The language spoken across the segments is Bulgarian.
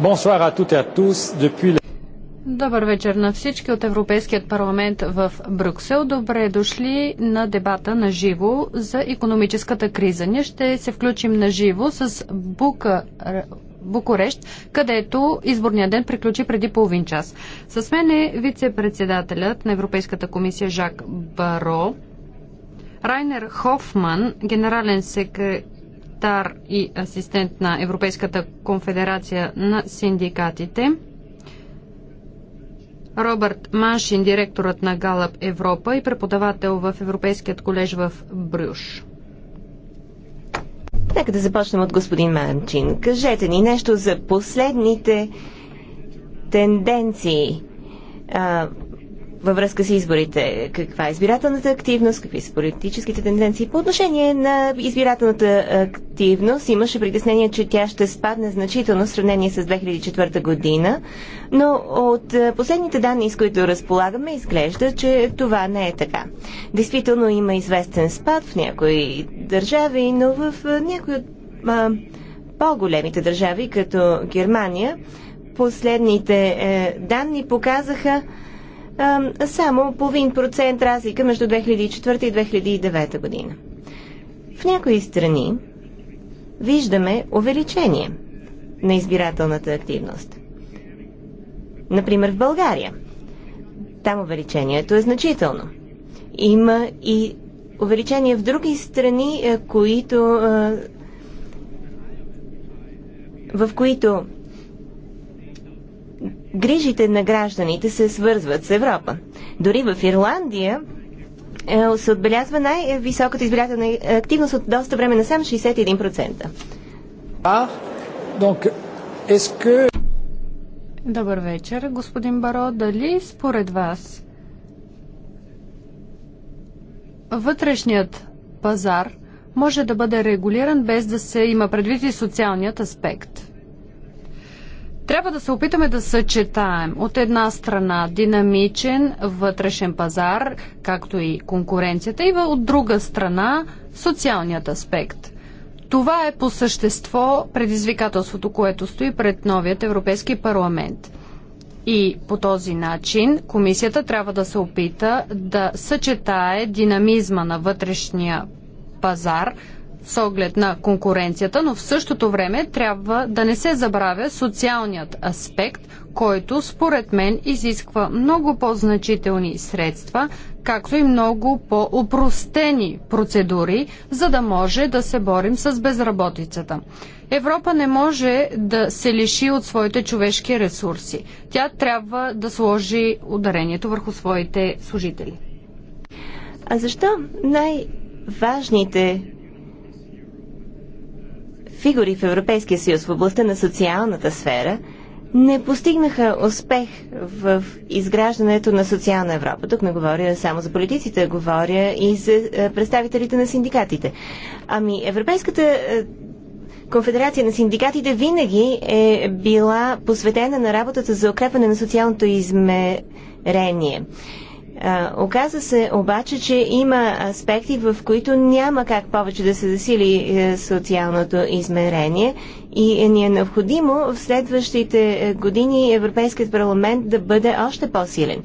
Bonsoir à toutes et à tous depuis le... Добър вечер на всички от Европейският парламент в Брюксел. Добре дошли на дебата на живо за економическата криза. Ние ще се включим на живо с Бука Букурещ, където изборният ден приключи преди половин час. С мен е вице-председателят на Европейската комисия Жак Баро, Райнер Хофман, генерален секретар секретар и асистент на Европейската конфедерация на синдикатите. Робърт Маншин, директорът на Галъп Европа и преподавател в Европейският колеж в Брюш. Нека да започнем от господин Манчин. Кажете ни нещо за последните тенденции във връзка с изборите. Каква е избирателната активност, какви са политическите тенденции. По отношение на избирателната активност имаше притеснение, че тя ще спадне значително в сравнение с 2004 година, но от последните данни, с които разполагаме, изглежда, че това не е така. Действително има известен спад в някои държави, но в някои от по-големите държави, като Германия, последните е, данни показаха, само половин процент разлика между 2004 и 2009 година. В някои страни виждаме увеличение на избирателната активност. Например, в България. Там увеличението е значително. Има и увеличение в други страни, е, които, е, в които грижите на гражданите се свързват с Европа. Дори в Ирландия е, се отбелязва най-високата избирателна активност от доста време на сам 61%. А, donc, que... Добър вечер, господин Баро. Дали според вас вътрешният пазар може да бъде регулиран без да се има предвид и социалният аспект? Трябва да се опитаме да съчетаем от една страна динамичен вътрешен пазар, както и конкуренцията, и от друга страна социалният аспект. Това е по същество предизвикателството, което стои пред новият Европейски парламент. И по този начин комисията трябва да се опита да съчетае динамизма на вътрешния пазар с оглед на конкуренцията, но в същото време трябва да не се забравя социалният аспект, който според мен изисква много по-значителни средства, както и много по-упростени процедури, за да може да се борим с безработицата. Европа не може да се лиши от своите човешки ресурси. Тя трябва да сложи ударението върху своите служители. А защо най-важните фигури в Европейския съюз в областта на социалната сфера не постигнаха успех в изграждането на социална Европа. Тук не говоря само за политиците, говоря и за е, представителите на синдикатите. Ами, Европейската е, Конфедерация на синдикатите винаги е била посветена на работата за укрепване на социалното измерение. А, оказа се обаче, че има аспекти, в които няма как повече да се засили е, социалното измерение и ни е необходимо в следващите е, години Европейският парламент да бъде още по-силен.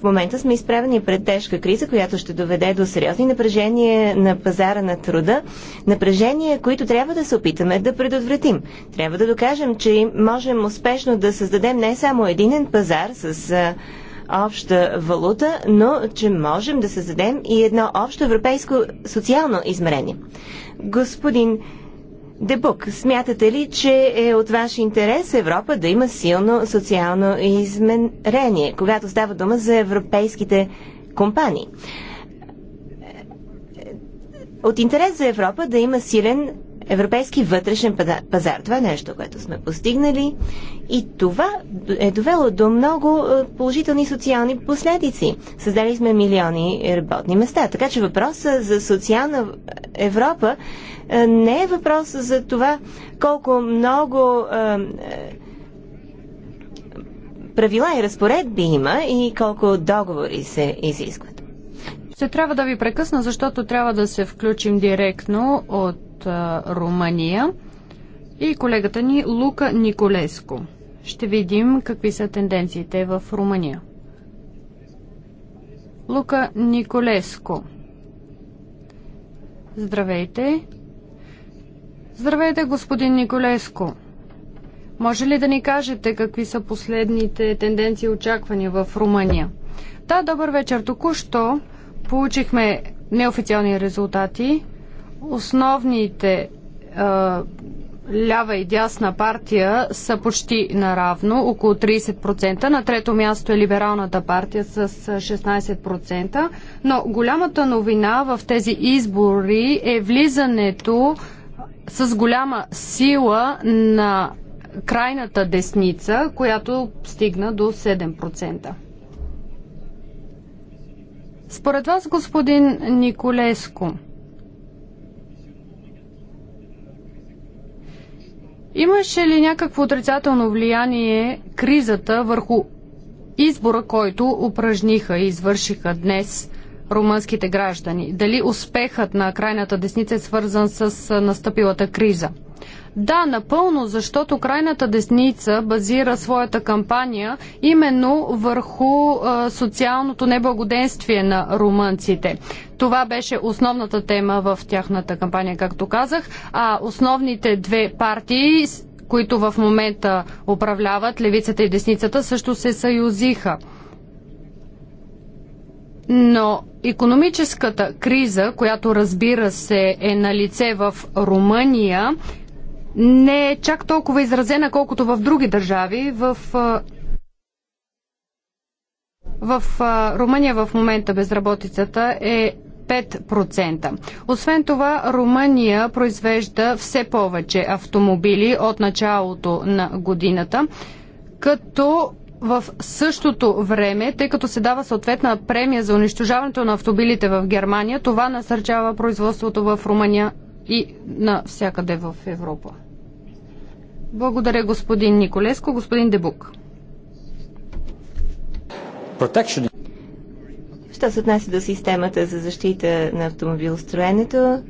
В момента сме изправени пред тежка криза, която ще доведе до сериозни напрежения на пазара на труда, напрежения, които трябва да се опитаме да предотвратим. Трябва да докажем, че можем успешно да създадем не само единен пазар с е, обща валута, но че можем да създадем и едно общо европейско социално измерение. Господин Дебук, смятате ли, че е от ваш интерес Европа да има силно социално измерение, когато става дума за европейските компании? От интерес за Европа да има силен европейски вътрешен пазар. Това е нещо, което сме постигнали и това е довело до много е, положителни социални последици. Създали сме милиони работни места. Така че въпросът за социална Европа е, не е въпрос за това колко много е, правила и разпоредби има и колко договори се изискват. Ще трябва да ви прекъсна, защото трябва да се включим директно от Румъния и колегата ни Лука Николеско. Ще видим какви са тенденциите в Румъния. Лука Николеско. Здравейте. Здравейте, господин Николеско. Може ли да ни кажете какви са последните тенденции и очаквания в Румъния? Да, добър вечер. Току-що получихме неофициални резултати основните а, лява и дясна партия са почти наравно, около 30%. На трето място е Либералната партия с 16%. Но голямата новина в тези избори е влизането с голяма сила на крайната десница, която стигна до 7%. Според вас, господин Николеско, Имаше ли някакво отрицателно влияние кризата върху избора, който упражниха и извършиха днес румънските граждани? Дали успехът на крайната десница е свързан с настъпилата криза? Да, напълно, защото крайната десница базира своята кампания именно върху а, социалното неблагоденствие на румънците. Това беше основната тема в тяхната кампания, както казах. А основните две партии, които в момента управляват, левицата и десницата, също се съюзиха. Но економическата криза, която разбира се е на лице в Румъния, не е чак толкова изразена, колкото в други държави. В, в Румъния в момента безработицата е 5%. Освен това, Румъния произвежда все повече автомобили от началото на годината, като в същото време, тъй като се дава съответна премия за унищожаването на автомобилите в Германия, това насърчава производството в Румъния и навсякъде в Европа. Благодаря, господин Николеско. Господин Дебук. Protection. Що се отнася до системата за защита на автомобилостроенето,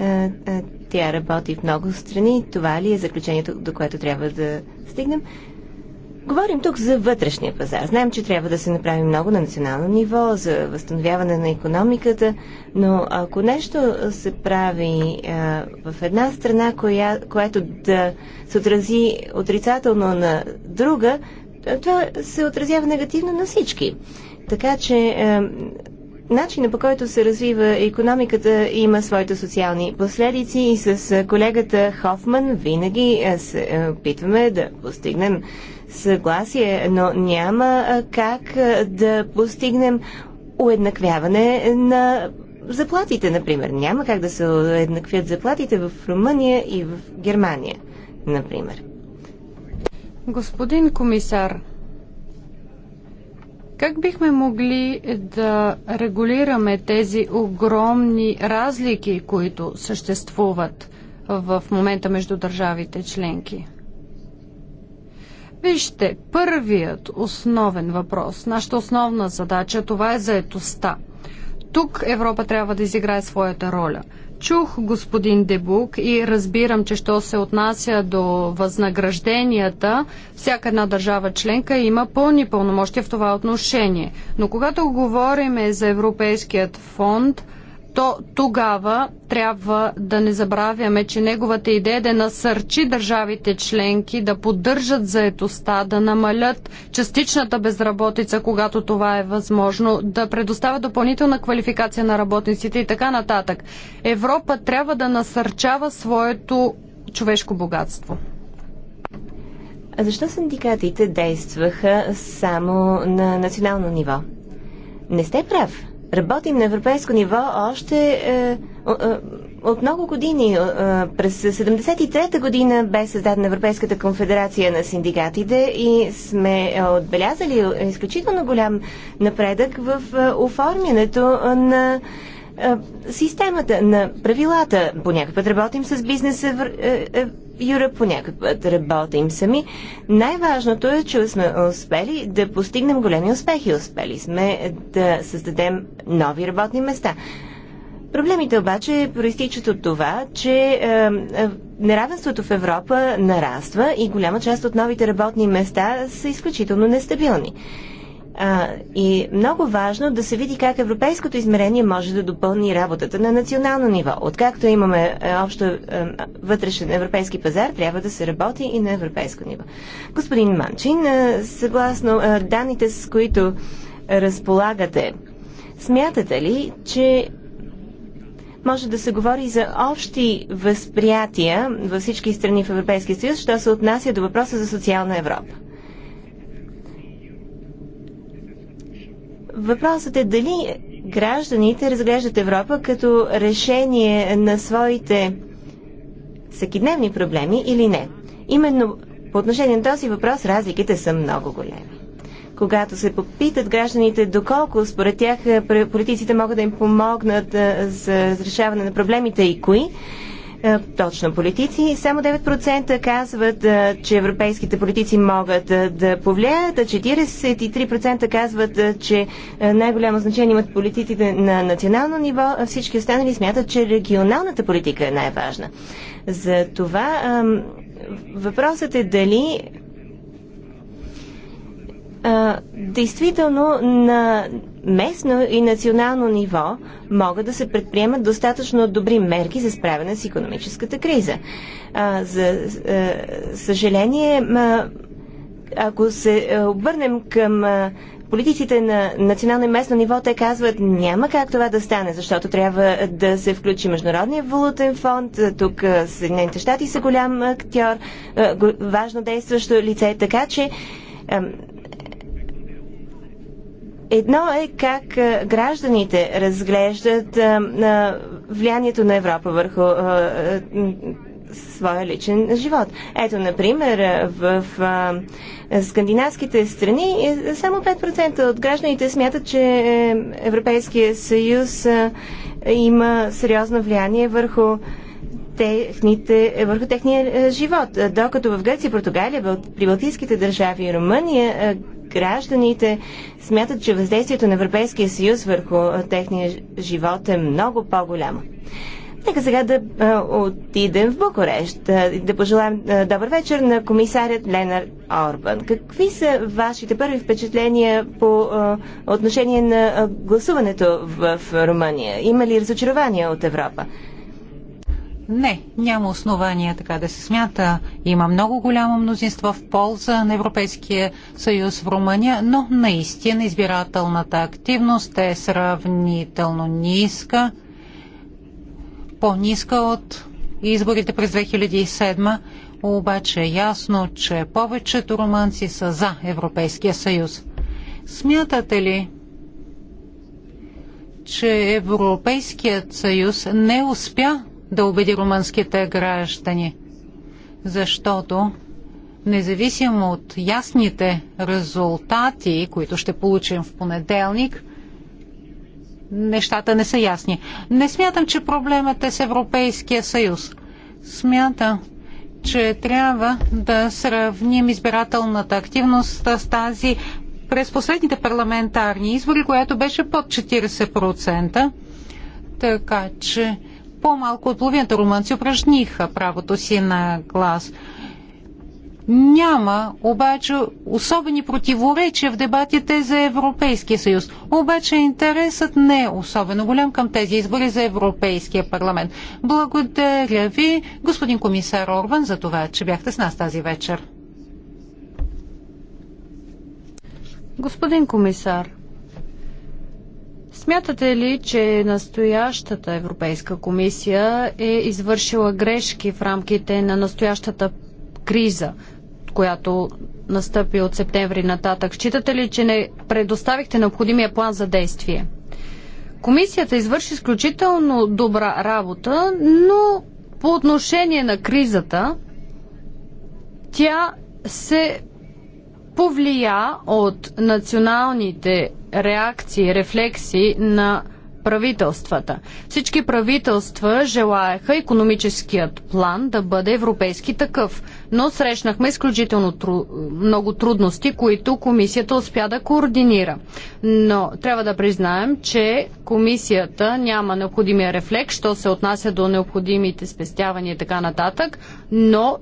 е, е, тя работи в много страни. Това ли е заключението, до което трябва да стигнем? Говорим тук за вътрешния пазар. Знаем, че трябва да се направи много на национално ниво за възстановяване на економиката, но ако нещо се прави а, е, в една страна, коя, което да се отрази отрицателно на друга, е, това се отразява негативно на всички. Така че а, е, начина по който се развива економиката има своите социални последици и с колегата Хофман винаги се опитваме да постигнем съгласие, но няма как да постигнем уеднаквяване на заплатите, например. Няма как да се уеднаквят заплатите в Румъния и в Германия, например. Господин комисар, как бихме могли да регулираме тези огромни разлики, които съществуват в момента между държавите членки? Вижте, първият основен въпрос, нашата основна задача, това е заетостта. Тук Европа трябва да изиграе своята роля – Чух господин Дебук и разбирам, че що се отнася до възнагражденията, всяка една държава членка има пълни пълномощия в това отношение. Но когато говорим за Европейският фонд, то тогава трябва да не забравяме, че неговата идея е да насърчи държавите членки да поддържат заетостта, да намалят частичната безработица, когато това е възможно, да предоставят допълнителна квалификация на работниците и така нататък. Европа трябва да насърчава своето човешко богатство. А защо синдикатите действаха само на национално ниво? Не сте прав. Работим на европейско ниво още е, е от много години. Е, през 73-та година бе създадена Европейската конфедерация на синдикатите и сме отбелязали изключително голям напредък в е, оформянето на е, системата, на правилата. Понякога работим път работим с бизнес Юра по някакъв път работим сами. Най-важното е, че сме успели да постигнем големи успехи. Успели сме да създадем нови работни места. Проблемите обаче проистичат от това, че е, е, неравенството в Европа нараства и голяма част от новите работни места са изключително нестабилни. А, и много важно да се види как европейското измерение може да допълни работата на национално ниво. Откакто имаме е, общо е, вътрешен европейски пазар, трябва да се работи и на европейско ниво. Господин Манчин, е, съгласно данните, с които разполагате, смятате ли, че може да се говори за общи възприятия във всички страни в Европейския съюз, що се отнася до въпроса за социална Европа? Въпросът е дали гражданите разглеждат Европа като решение на своите всекидневни проблеми или не. Именно по отношение на този въпрос разликите са много големи. Когато се попитат гражданите доколко според тях е, политиците могат да им помогнат е, за разрешаване на проблемите и кои, е, точно политици. Само 9% казват, е, че европейските политици могат е, да повлияят, а 43% казват, че най-голямо значение имат политиците на национално ниво, а всички останали смятат, че регионалната политика е най-важна. За това въпросът е дали а, действително на местно и национално ниво могат да се предприемат достатъчно добри мерки за справяне с економическата криза. А, за а, съжаление, а, ако се обърнем към а, политиците на национално и местно ниво, те казват няма как това да стане, защото трябва да се включи Международния валутен фонд, тук Съединените щати са голям актьор, важно действащо лице, така че Едно е как гражданите разглеждат влиянието на Европа върху своя личен живот. Ето, например, в скандинавските страни е, само 5% от гражданите смятат, че е, Европейския съюз има сериозно влияние върху техните, върху техния е, живот. Докато в Гърция, Португалия, при Балтийските държави и Румъния гражданите смятат, че въздействието на Европейския съюз върху техния живот е много по-голямо. Нека сега да а, отидем в Букурещ, да, да пожелаем а, добър вечер на комисарят Ленар Орбан. Какви са вашите първи впечатления по а, отношение на а, гласуването в, в Румъния? Има ли разочарования от Европа? Не, няма основания така да се смята. Има много голямо мнозинство в полза на Европейския съюз в Румъния, но наистина избирателната активност е сравнително ниска, по-ниска от изборите през 2007, обаче е ясно, че повечето румънци са за Европейския съюз. Смятате ли, че Европейският съюз не успя да убеди румънските граждани, защото независимо от ясните резултати, които ще получим в понеделник, нещата не са ясни. Не смятам, че проблемът е с Европейския съюз. Смятам, че трябва да сравним избирателната активност с тази през последните парламентарни избори, която беше под 40%. Така че по-малко от половината румънци упражниха правото си на глас. Няма обаче особени противоречия в дебатите за Европейския съюз. Обаче интересът не е особено голям към тези избори за Европейския парламент. Благодаря ви, господин комисар Орбан, за това, че бяхте с нас тази вечер. Господин комисар, Смятате ли, че настоящата Европейска комисия е извършила грешки в рамките на настоящата криза, която настъпи от септември нататък? Считате ли, че не предоставихте необходимия план за действие? Комисията извърши изключително добра работа, но по отношение на кризата, тя се повлия от националните реакции, рефлекси на правителствата. Всички правителства желаяха економическият план да бъде европейски такъв, но срещнахме изключително тру... много трудности, които комисията успя да координира. Но трябва да признаем, че комисията няма необходимия рефлекс, що се отнася до необходимите спестявания и така нататък, но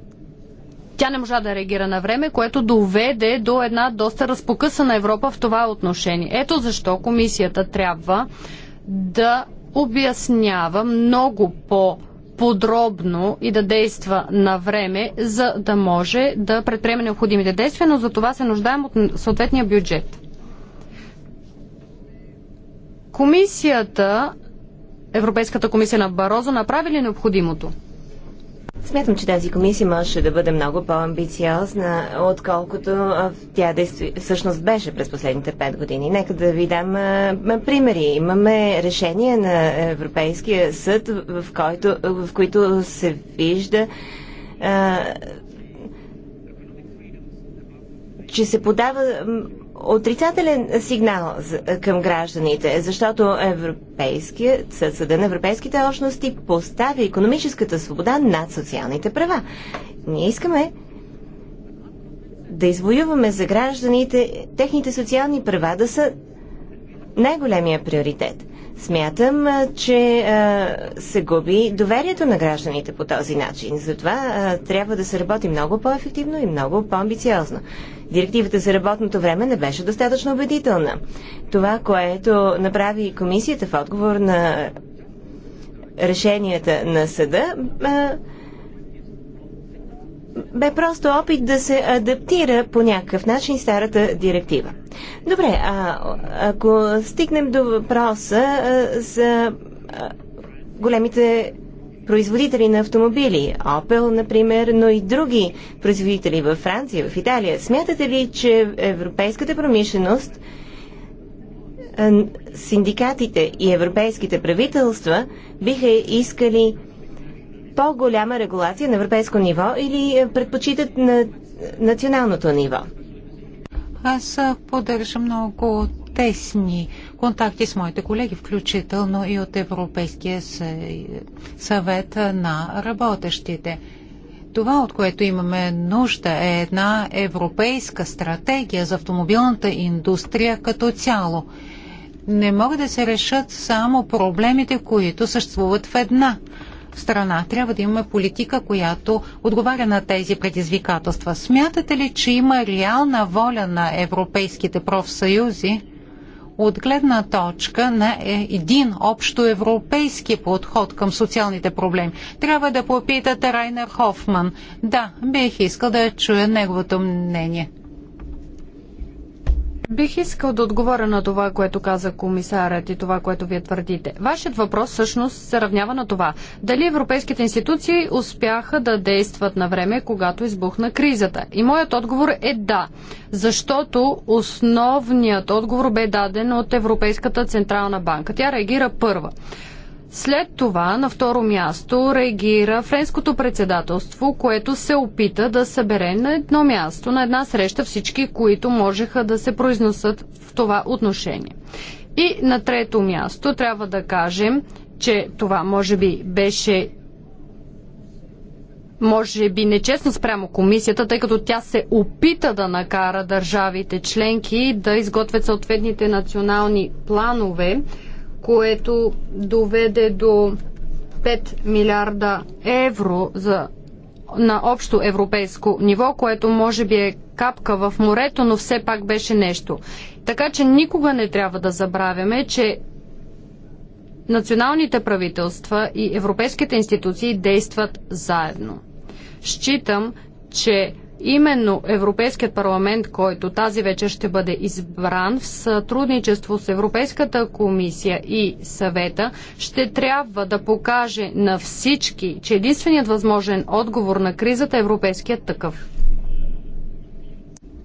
тя не можа да реагира на време, което доведе до една доста разпокъсана Европа в това отношение. Ето защо комисията трябва да обяснява много по- подробно и да действа на време, за да може да предприеме необходимите действия, но за това се нуждаем от съответния бюджет. Комисията, Европейската комисия на Барозо, направи ли необходимото? Смятам, че тази комисия можеше да бъде много по-амбициозна, отколкото тя всъщност беше през последните пет години. Нека да ви дам а, примери. Имаме решение на Европейския съд, в, който, в които се вижда а, че се подава отрицателен сигнал е, към гражданите, защото Европейският съда на европейските общности поставя економическата свобода над социалните права. Ние искаме да извоюваме за гражданите техните социални права да са най-големия приоритет. Смятам, че се губи доверието на гражданите по този начин. Затова трябва да се работи много по-ефективно и много по-амбициозно. Директивата за работното време не беше достатъчно убедителна. Това, което направи комисията в отговор на решенията на съда, бе просто опит да се адаптира по някакъв начин старата директива. Добре, а, ако стигнем до въпроса а, за а, големите производители на автомобили, Opel, например, но и други производители във Франция, в Италия, смятате ли, че европейската промишленост, синдикатите и европейските правителства биха искали по-голяма регулация на европейско ниво или е, предпочитат на националното ниво? Аз поддържам много тесни контакти с моите колеги, включително и от Европейския съвет на работещите. Това, от което имаме нужда, е една европейска стратегия за автомобилната индустрия като цяло. Не могат да се решат само проблемите, които съществуват в една страна. Трябва да имаме политика, която отговаря на тези предизвикателства. Смятате ли, че има реална воля на европейските профсъюзи от гледна точка на е, един общо европейски подход към социалните проблеми? Трябва да попитате Райнер Хофман. Да, бих искал да чуя неговото мнение. Бих искал да отговоря на това, което каза комисарят и това, което вие твърдите. Вашият въпрос всъщност се равнява на това. Дали европейските институции успяха да действат на време, когато избухна кризата? И моят отговор е да, защото основният отговор бе даден от Европейската централна банка. Тя реагира първа. След това на второ място реагира френското председателство, което се опита да събере на едно място, на една среща всички, които можеха да се произнесат в това отношение. И на трето място трябва да кажем, че това може би беше може би нечестно спрямо комисията, тъй като тя се опита да накара държавите членки да изготвят съответните национални планове което доведе до 5 милиарда евро за, на общо европейско ниво, което може би е капка в морето, но все пак беше нещо. Така че никога не трябва да забравяме, че националните правителства и европейските институции действат заедно. Считам, че Именно Европейският парламент, който тази вечер ще бъде избран в сътрудничество с Европейската комисия и съвета, ще трябва да покаже на всички, че единственият възможен отговор на кризата е европейският такъв.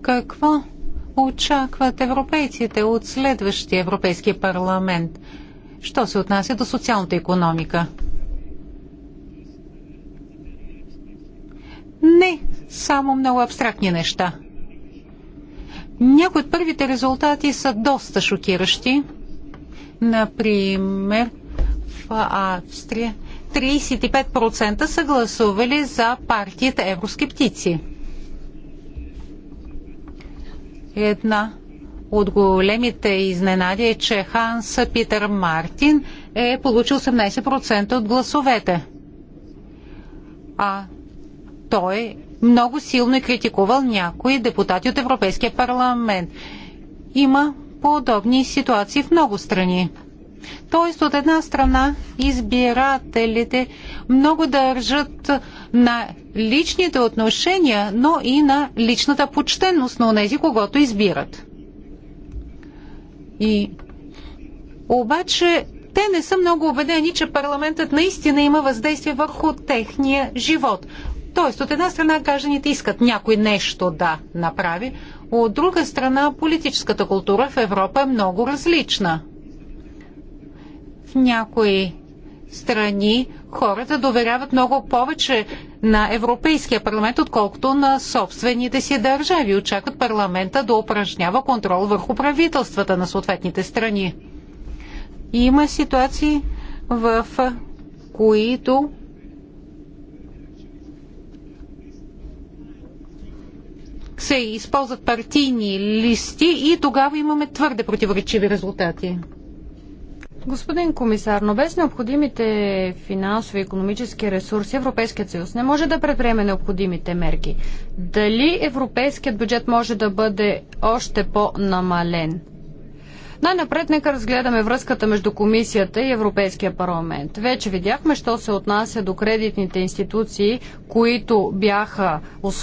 Какво очакват европейците от следващия Европейски парламент? Що се отнася до социалната економика? само много абстрактни неща. Някои от първите резултати са доста шокиращи. Например, в Австрия 35% са гласували за партията евроскептици. Една от големите изненади е, че Ханс Питер Мартин е получил 18% от гласовете. А той много силно е критикувал някои депутати от Европейския парламент. Има подобни ситуации в много страни. Тоест, от една страна, избирателите много държат на личните отношения, но и на личната почтенност на тези, когато избират. И обаче те не са много убедени, че парламентът наистина има въздействие върху техния живот. Тоест, от една страна гражданите искат някой нещо да направи, от друга страна политическата култура в Европа е много различна. В някои страни хората доверяват много повече на Европейския парламент, отколкото на собствените си държави. Очакват парламента да упражнява контрол върху правителствата на съответните страни. Има ситуации, в които се използват партийни листи и тогава имаме твърде противоречиви резултати. Господин комисар, но без необходимите финансови и економически ресурси Европейският съюз не може да предприеме необходимите мерки. Дали европейският бюджет може да бъде още по-намален? Най-напред нека разгледаме връзката между комисията и Европейския парламент. Вече видяхме, що се отнася до кредитните институции, които бяха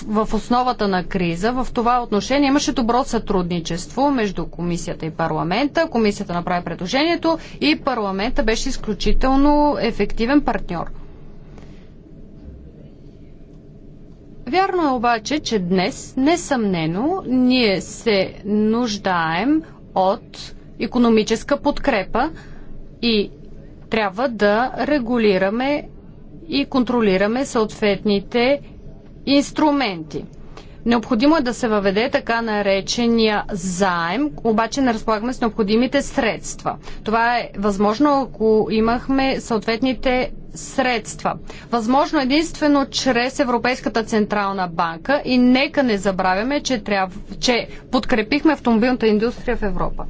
в основата на криза. В това отношение имаше добро сътрудничество между комисията и парламента. Комисията направи предложението и парламента беше изключително ефективен партньор. Вярно е обаче, че днес, несъмнено, ние се нуждаем от економическа подкрепа и трябва да регулираме и контролираме съответните инструменти. Необходимо е да се въведе така наречения заем, обаче не разполагаме с необходимите средства. Това е възможно, ако имахме съответните средства. Възможно единствено чрез Европейската централна банка и нека не забравяме, че, трябва, че подкрепихме автомобилната индустрия в Европа.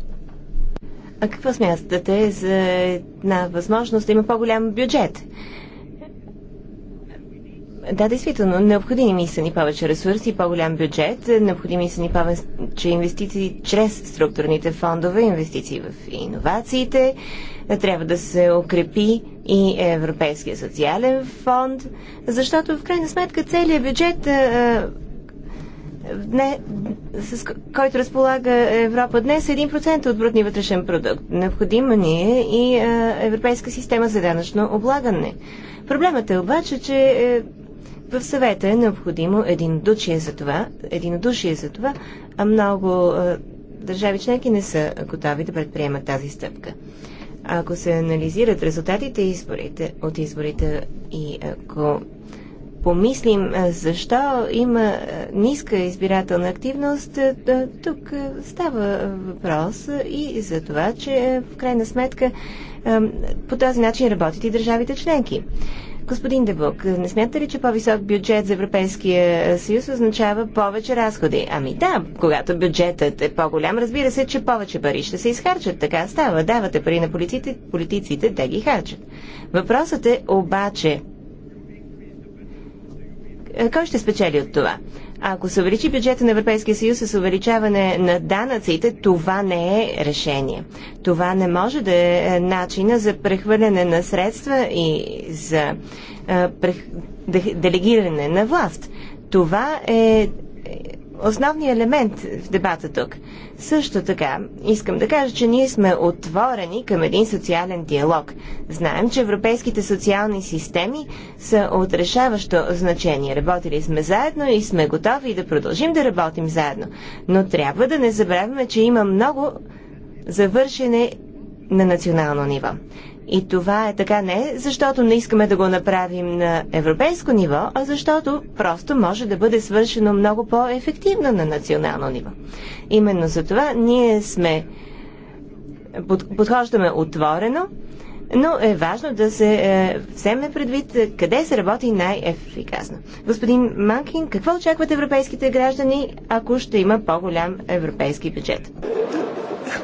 А какво смятате за една възможност да има по-голям бюджет? Да, действително, необходими са ни повече ресурси, по-голям бюджет, необходими са ни повече инвестиции чрез структурните фондове, инвестиции в иновациите, трябва да се укрепи и Европейския социален фонд, защото в крайна сметка целият бюджет дне, с който разполага Европа днес, е 1% от брутния вътрешен продукт. Необходима ни е и а, европейска система за данъчно облагане. Проблемът е обаче, че е, в съвета е необходимо единодушие за това, единодушие за това а много е, държави членки не са готови да предприемат тази стъпка. Ако се анализират резултатите изборите, от изборите и ако помислим защо има ниска избирателна активност, тук става въпрос и за това, че в крайна сметка по този начин работят и държавите членки. Господин Дебук, не смятате ли, че по-висок бюджет за Европейския съюз означава повече разходи? Ами да, когато бюджетът е по-голям, разбира се, че повече пари ще се изхарчат. Така става. Давате пари на политиците, политиците те ги харчат. Въпросът е обаче е, кой ще спечели от това? Ако се увеличи бюджета на Европейския съюз с увеличаване на данъците, това не е решение. Това не може да е, е начина за прехвърляне на средства и за е, делегиране на власт. Това е основният елемент в дебата тук. Също така, искам да кажа, че ние сме отворени към един социален диалог. Знаем, че европейските социални системи са от решаващо значение. Работили сме заедно и сме готови да продължим да работим заедно. Но трябва да не забравяме, че има много завършене на национално ниво. И това е така не защото не искаме да го направим на европейско ниво, а защото просто може да бъде свършено много по-ефективно на национално ниво. Именно за това ние сме подхождаме отворено, но е важно да се е, вземе предвид е, къде се работи най-ефикасно. Господин Манкин, какво очакват европейските граждани, ако ще има по-голям европейски бюджет?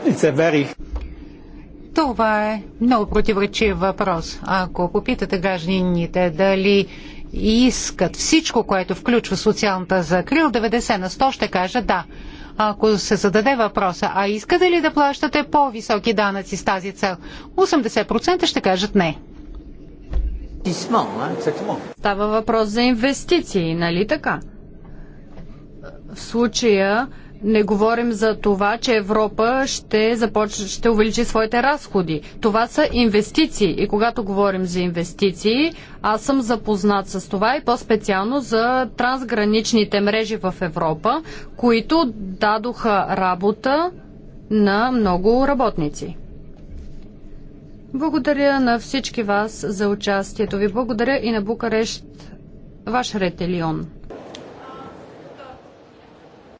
Very... Това е много противоречив въпрос. Ако попитате гражданите дали искат всичко, което включва социалната закрил, 90 на 100 ще кажа да. Ако се зададе въпроса, а искате ли да плащате по-високи данъци с тази цел, 80% ще кажат не. Става въпрос за инвестиции, нали така? В случая не говорим за това, че Европа ще, започне, ще увеличи своите разходи. Това са инвестиции. И когато говорим за инвестиции, аз съм запознат с това и по-специално за трансграничните мрежи в Европа, които дадоха работа на много работници. Благодаря на всички вас за участието ви. Благодаря и на Букарещ. Ваш ретелион.